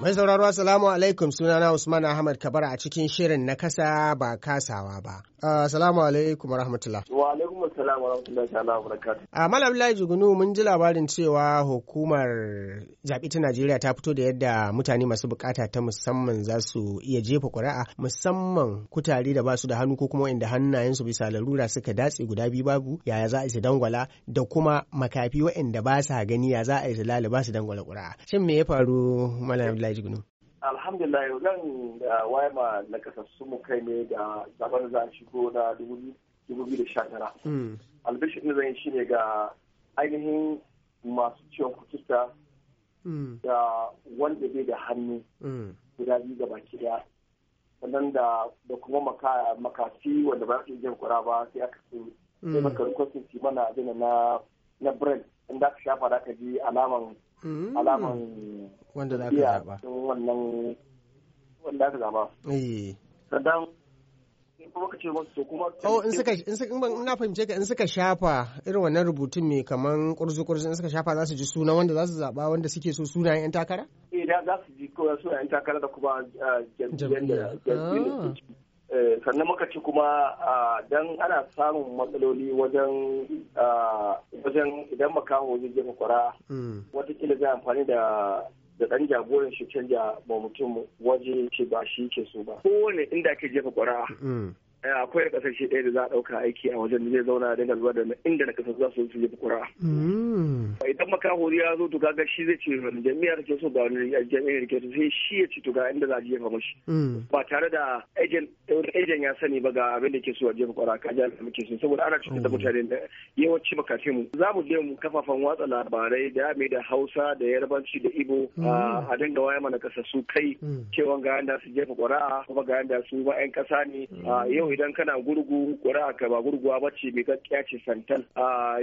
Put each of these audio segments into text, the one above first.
Mai sauraro Assalamu alaikum sunana Usman Ahmad Kabar a cikin shirin na kasa ba kasawa ba. Uh, Assalamu alaikum rahmatullah. Wa alaikum assalam wa rahmatullahi wa barakatuh. A uh, Malam Lai Jugunu mun ji labarin cewa hukumar zaɓe ta Najeriya ta fito da yadda mutane masu bukata ta musamman za su iya jefa ƙuri'a musamman kutare da ba su da hannu ko kuma wanda hannayensu bisa larura suka datse guda biyu babu yaya za a yi dangwala da kuma makafi waɗanda ba sa gani ya za a yi su lalaba su dangwala ƙuri'a. Shin me ya faru Malam eh, alhamdulillah jigunu alhamdulillah yau zan eh, waye ma mu kai ne da zaben za a shigo na 2019 hmm. albishir ne zan shi ne ga ainihin masu ciwon kututa hmm. da wanda bai da hannu hmm. guda biyu ga baki daya sannan da da kuma makafi wanda ba su jin kura ba sai aka su sai maka rikosin mana na na brand inda aka shafa da aka ji alaman alaman wanda za ka zaɓa wannan wanda za ka zaɓa in suka fahimce ka in suka shafa irin wannan rubutun mai kaman kurzu kurzu in suka shafa za su ji suna wanda za su zaɓa wanda suke so sunayen yan takara eh za su ji sunayen takara da kuma jam'iyyar da Eh, sannan muka ci kuma don ana samun matsaloli wajen idan makaho zai jefa kwara hmm. watakila zai amfani da da ɗan jagoran shi canja ba mutum waje ce ba shi ke so ba kowane inda ake jefa kwara Eh, akwai da kasashe ɗaya da za a ɗauka aiki a wajen zai zauna da zuwa da inda na kasar za su su yi kura. Mm. Idan makaho ya zo to kaga shi zai ce wani jami'a da ke so ga wani jami'a da ke so sai shi ya ce to ga inda za a jefa mashi. Mm. Ba tare da ejen ya sani ba ga abin da ke so a jefa kura ka ji da ke so saboda ana cikin da oh. mutane da yawanci makafi mu. Za mu je mu kafafan watsa labarai da ya da Hausa da Yarbanci da Ibo mm. a dinga waya mana su kai cewa ga yanda su jefa kura kuma ga yanda su ba 'yan ƙasa ne yau yau idan kana gurgu ƙuri'a ka ba gurguwa ba ce mai gaskiya ce santan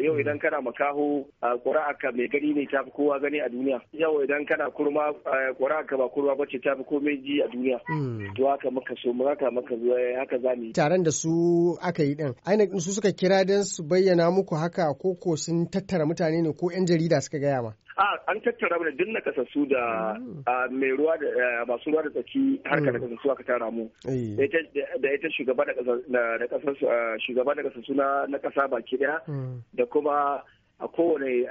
yau idan kana makaho ƙuri'a ka mai gani ne tafi kowa gani a duniya yau idan kana kurma ƙuri'a ka ba kurma ba ce tafi komai ji a duniya hmm. to haka muka so mu haka muka zo eh, haka za mu taron da su aka yi din ainihin su suka kira dan su bayyana muku haka ko ko sun tattara mutane ne ko yan jarida suka gaya ma Ah, an tattara mana duk kasassu da mm. ah, mai ruwa da eh, masu ruwa da tsaki harka da mm. kasassu aka tara mu eh. da ita shugaba da kasassu ah, na kasa baki daya mm. da kuma a kowane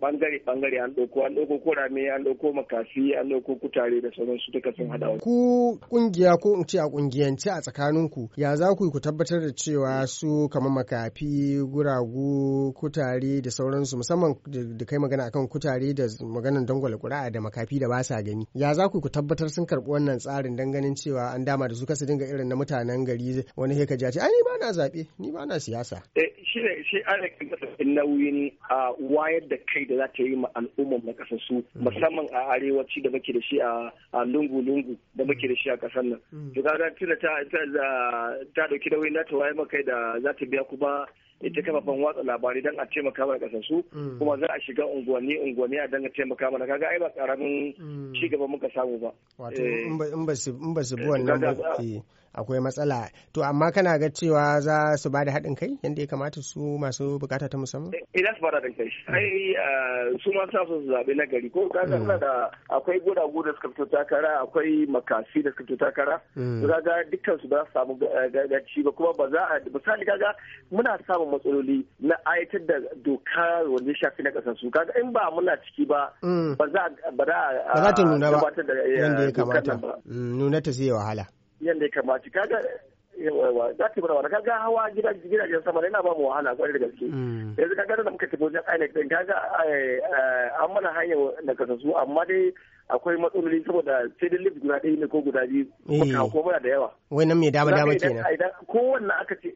bangare bangare an ɗauko an ɗauko rame an ɗauko makafi an ɗauko kutare da sauran su duka sun haɗa ku kungiya ko in ce a kungiyance a tsakanin ku ya za ku ku tabbatar da cewa su kamar makafi guragu kutare da sauransu musamman da kai magana akan kutare da maganan dangwala ƙuri'a da makafi da ba sa gani ya za ku ku tabbatar sun karɓi wannan tsarin dan ganin cewa an dama da su kasa dinga irin na mutanen gari wani heka ce ai ni ba na zaɓe ni ba na siyasa. Eh, shi ne shi ana nauyin wayar da kai da za ta yi ma al'ummar na ƙasar su mm. musamman a arewaci da muke da shi a lungu-lungu da muke da shi a ƙasar nan. Mm. Mm. To tunda ta dauki da za ta wayar maka da za ta biya kuma ita kafafen watsa labarai don a taimaka mana kasar su kuma za a shiga unguwanni unguwanni a danga taimaka mana kaga ai ba karamin cigaba gaba muka samu ba wato eh. in ba su bi eh, wannan ba akwai matsala to amma kana ga cewa za su ba da haɗin kai yadda ya kamata su masu bukata ta musamman idan eh, eh, su ba da haɗin kai hmm. ai ah, su ma sa su zaɓe na gari ko ka san hmm. da akwai guragu da suka fito takara akwai makasi da suka fito takara to hmm. kaga dukkan su ba su samu eh, gaci ba kuma ba za a misali kaga muna samun matsaloli na ayatar da doka wanda shafi na ƙasar su kaga in ba muna ciki ba ba za a ba za ta nuna ba yadda ya kamata nuna ta sai wahala yadda ya kamata kaga za ta mana ka ga hawa gidajen sama yana ba mu wahala kwarai da gaske mm. yanzu kaga da muka tafi wajen ainihin din kaga eh, eh, an mana hanyar da kasasu amma dai akwai matsaloli saboda sai dai lift guda ɗaya ne ko guda biyu ko eh. mana da yawa wai nan mai dama dama kenan idan kowanne aka ce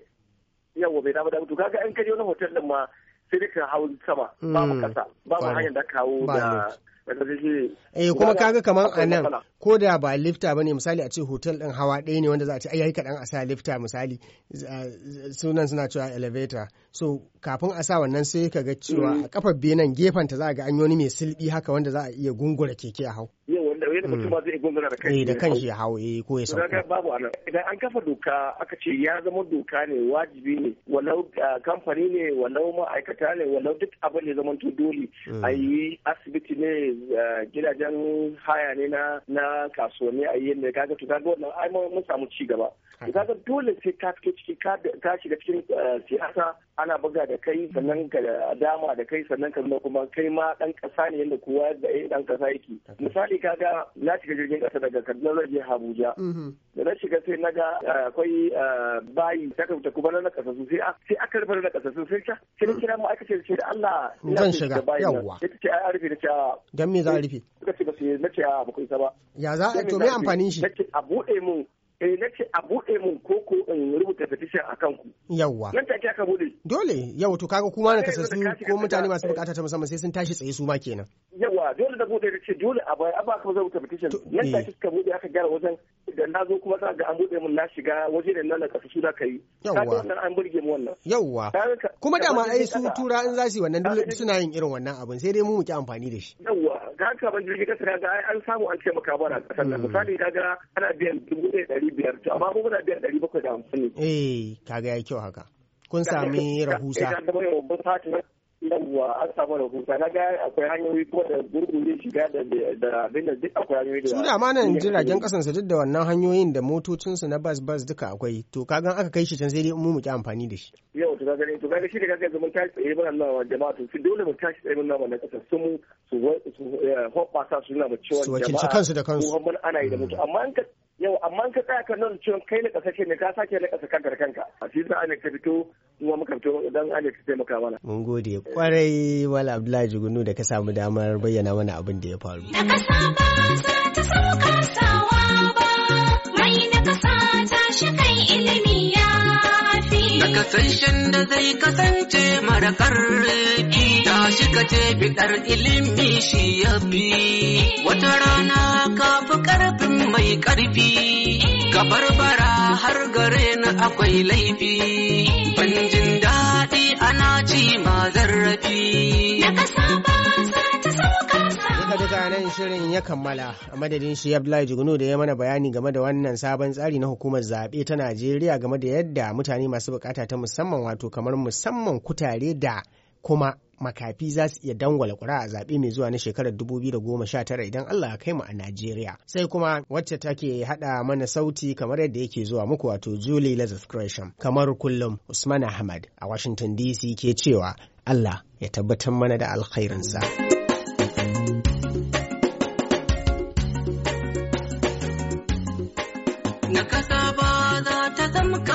yawa mai dama dama to kaga an kaje wani hotel din ma sai dai ka hau sama babu kasa mm. babu hanyar da kawo da eh kuma kaga kamar a nan ko da ba lifta bane misali a ce hotel din hawa ɗaya ne wanda za a ce ayi kaɗan a sa lifta misali sunan suna cewa elevator so kafin a sa wannan sai ka ga cewa mm. a kafar benin gefen ta za a ga an wani mai silbi haka wanda za a iya gungura keke a hau yadda mutum ba zai gungura da kai eh, da kan shi hawo eh ko ya sauka babu anan idan an kafa doka aka ce ya zama doka ne wajibi ne walau ah, kamfani ne walau ma'aikata ne walau duk abin da zama to dole mm. a yi asibiti ne ah, gidajen haya ne na na kasuwanni a yi yadda kaga to kaga wannan ai mun samu ci gaba kaga dole sai ka fito ciki ka shiga cikin ah, siyasa ana buga da kai sannan ka dama da kai sannan ka kuma kai ma dan kasa ne yadda kowa da eh, dan kasa yake misali kaga na shiga jirgin kasa daga kaduna zan je abuja mhm. da na shiga sai na ga eh, akwai eh, bayi ta kamta kuma na kasa sai sai aka rufe na kasa su sai ta sai na mm. kira mu aka ce da Allah zan shiga yawwa ita ce a rufe da ce ah. dan me za a rufe suka ce ba sai na ce a ah, ba ku isa ba ya za a to me amfanin shi a bude mu Eh, na ce a buɗe mun koko in rubuta petition a kanku. Yawwa. Nan take aka buɗe. Dole yawwa to kaga kuma na kasassu ko mutane masu bukata ta musamman sai sun tashi tsaye su ma kenan. Yawwa dole da buɗe ce dole a baya ba ka rubuta petition. Nan take suka eh. buɗe aka gyara wajen da na zo kuma ga an buɗe mun na shiga waje da nan kasu su da ka yi. Yawwa. Kaga an burge mu wannan. Yawwa. Kuma dama ai su tura in za su yi wannan dole suna yin irin wannan abin sai dai mu muke amfani da shi. Yawwa. ga haka ban jirgin kasa ga ai an samu an taimaka ba na kasar nan hmm. misali ga ana biyan dubu ɗaya ɗari biyar to amma kuma na biyan ɗari bakwai da hamsin ne. eh kaga ya kyau haka kun sami rahusa. Eh, yawwa an samu rahusa na ga akwai hanyoyi ko da gurgu zai shiga da abin da duk akwai hanyoyi da su da ma nan jiragen kasan su duk da wannan hanyoyin da motocinsu na bas bas duka akwai to kaga aka kai shi can sai dai mu mu ki amfani da shi yau to kaga to kaga shi da kaga zaman tashi tsaye ban Allah jama'a to dole mu tashi tsaye mun nama na kasa su mu su eh, hoɓɓasa su na mu cewa jama'a su wakilci kansu da kansu ko ana yi da mm. mutu amma an ka yau amma ka tsaya ka nan cewa kai na kasashe ne ka sake na kasa kanka da kanka a shi za a ne ka fito kuma muka fito dan a ne ka taimaka mana mun gode Kwarai Mala Abdullahi Gunu da ka samu damar bayyana mana abin da ya faru. Da kasa ba za ta sawa ba, mai kasa ta shi kai ilimi Da da zai kasance mara ƙarfi, ta shi ka ce fitar ilimi shi ya fi. Wata rana ka fi mai ƙarfi, ka barbara har gare na akwai laifi. Ban ana ci ma zarrafi. Duka duka nan shirin ya kammala a madadin shi Abdullahi Jigunu da ya mana bayani game da wannan sabon tsari na hukumar zaɓe ta Najeriya game da yadda mutane masu bukata ta musamman wato kamar musamman kutare da kuma makafi za su iya dangwala kura a zaɓe mai zuwa na shekarar 2019 idan Allah ya kai mu a Najeriya. Sai kuma wacce take haɗa mana sauti kamar yadda yake zuwa muku wato Julie Lazarus Gresham. Kamar kullum Usman Ahmad a Washington DC ke cewa Allah ya tabbatar mana da alkhairinsa. Na kasa ba za ta zama